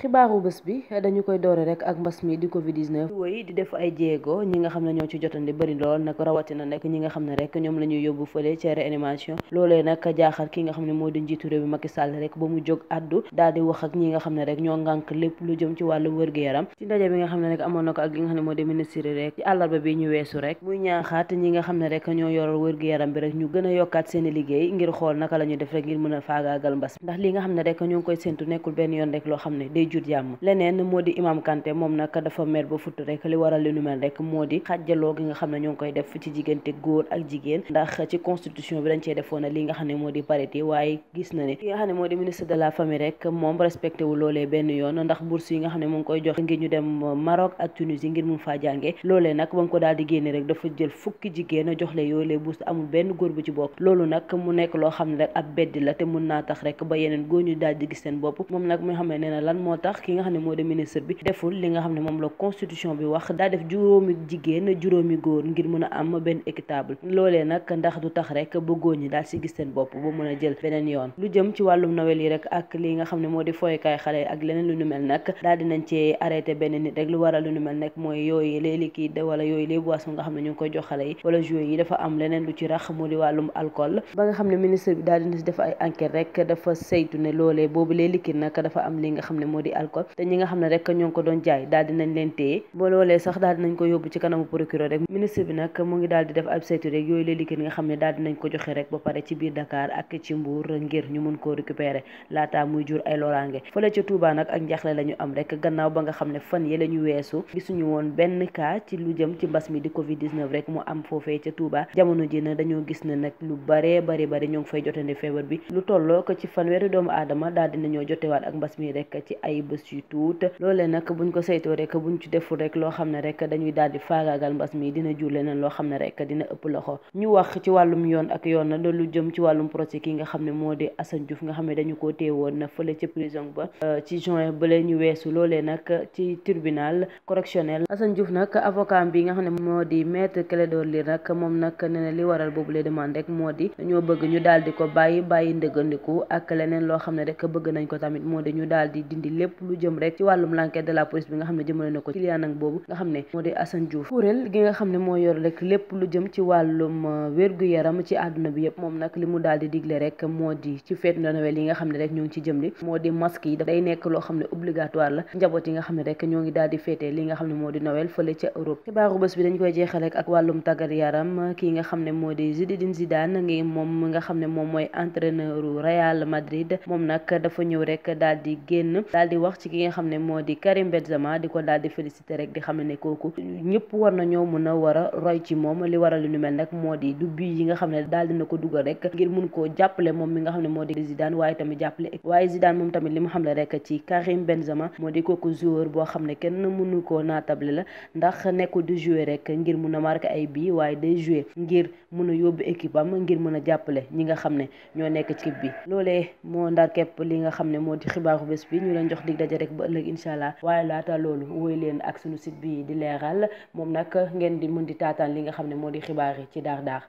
xibaaru bés bi dañu koy doore rek ak mbas mi di Covid 19. wéy di def ay jéego ñi nga xam ne ñoo ci jotandi bëri lool nag rawatina nag ñi nga xam ne rek ñoom la ñuy yóbbu fële ca réanimation loolee nag jaaxal ki nga xam ne moo di njiitu réew bi Macky Sall rek ba mu jóg addu daal di wax ak ñi nga xam ne rek ñoo ngànk lépp lu jëm ci wàllu wér-gu-yaram ci ndaje bi nga xam ne nag amoon na ko ak li nga xam ne moo di ministre rek ci àllarba bi ñu weesu rek muy ñaaxaat ñi nga xam ne rek ñoo yoral wér-gu-yaram bi rek ñu gën a yokkaat seen liggéey ngir xool naka la ñuy def rek ngir mën a faagaagal mbas ndax li nga xam ne rek ñoo koy séntu nekkul benn yoon rek loo xam ne day jur jàmm leneen moo di imam Kanté moom nag moo di xàjjaloo gi nga xam ne ñoo koy def ci diggante góor ak jigéen ndax ci constitution bi dañ cee defoon li nga xam ne moo di parité waaye nga xam ne moo di ministre de la famille rek moom respecté wu benn yoon ndax bourse yi nga xam ne mu koy jox ngir ñu dem Maroc ak Tunisie ngir mun faa jànge loolee nag ba mu ko daal di génne rek dafa jël fukki jigéen jox leen yoolee bourse amul benn góor bu ci loo moo tax ki nga xam ne moo di moom la constitution bi wax daa def juróomi jigéen juróomi góor ngir mën a am benn équitable loolee nag ndax du tax rek ba ñi daal si gis seen bopp ba mën a jël beneen yoon lu jëm ci wàllum nawel yi rek ak li nga xam ne moo di fooykaay xale ak leneen lu nu mel nag daal dinañ ci arrêté benn nit rek lu waral lu nu mel nag mooy yooyu les liquide wala yooyu les boissons nga xam ne ñu koy jox xale yi wala jouet yi dafa am leneen di alcool te ñi nga xam ne rek ñoo ngi ko doon jaay daal dinañ leen téye boo sax daal dinañ ko yóbbu ci kanamu procureur rek mu la ñu am rek gannaaw ba nga xam ne fan yi la ñu weesu gisuñu woon benn cas ci lu jëm ci mbas mi di Covid 19 rek mu am foofee ca Touba jamono ji na dañoo gis ne nag lu baree bari bari ñoo ngi fay jotandi feebar bi lu tolloo ko ci fanweeri doomu aadama daal dinañoo jotewaat ak mbas mi rek ci ay ay bés yu tuut loolee nag buñ ko saytoo rek buñ ci deful rek loo xam ne rek dañuy daal di faagaagal mbas mi na loolu jëm ci ba euh, ci juin bële ñu weesu loolee nag ci tribunal correctionnel Assane Diouf nag avocat bi nga xam ne moo di maître Clédor Ly nag moom nag nee li waral boobu la demande rek moo di ñoo bëgg ñu daal di ko bàyyi bàyyi ndëggandiku ak leneen loo xam ne rek bëgg nañ ko tamit moo di ñu daal di dindi lépp lu jëm rek ci wàllum l'enquête de la police bi nga xam ne na moo di Assane Diouf kuréel gi nga xam ne moo yor rek lépp lu jëm ci wàllum euh, wér-gu-yaram ci àdduna bi li mu daal di digle rek yi nga xam ne rek ñoo ngi ci jëm li moo di masque yi day nekk loo xam ne obligatoire la njaboot moo di Noël fële ca Europe xibaaru bés bi dañ koy jeexal rek ak wàllum tàggat yaram kii nga xam ne moo di Zinedine Zidane ngi moom nga xam ne moom mooy entraîneur Real Madrid moom nag dafa ñëw rek daal di génn daal di wax ci ki nga xam ne moo di Karim Benzema di ko daal félicité rek di xam ne kooku ñëpp war nañoo mën a war a roy ci moom li waral lu nu mel nag moo di du bi yi nga xam ne daal na ko dugal rek ngir mun koo jàppale moom mi nga xam ne moo di Zidane waaye tamit jàppale waaye Zidane moom tamit li mu xam ne rek ci boo xam ne kenn mënu koo naatable la ndax nekkul di jouer rek ngir mun a marqué ay bii waaye day jouer ngir mun a yóbbu équipe am ngir mën a jàppale ñi nga xam ne ñoo nekk ci équipe bi loolee moo ndar li nga xam ne moo di xibaaru bés bi ñu leen jox dig daje rek ba ëllëg incha allah waaye laata loolu woy leen ak sunu site bi di leeral moom nag ngeen di mun di taataan li nga xam ne moo di xibaar yi ci daar daar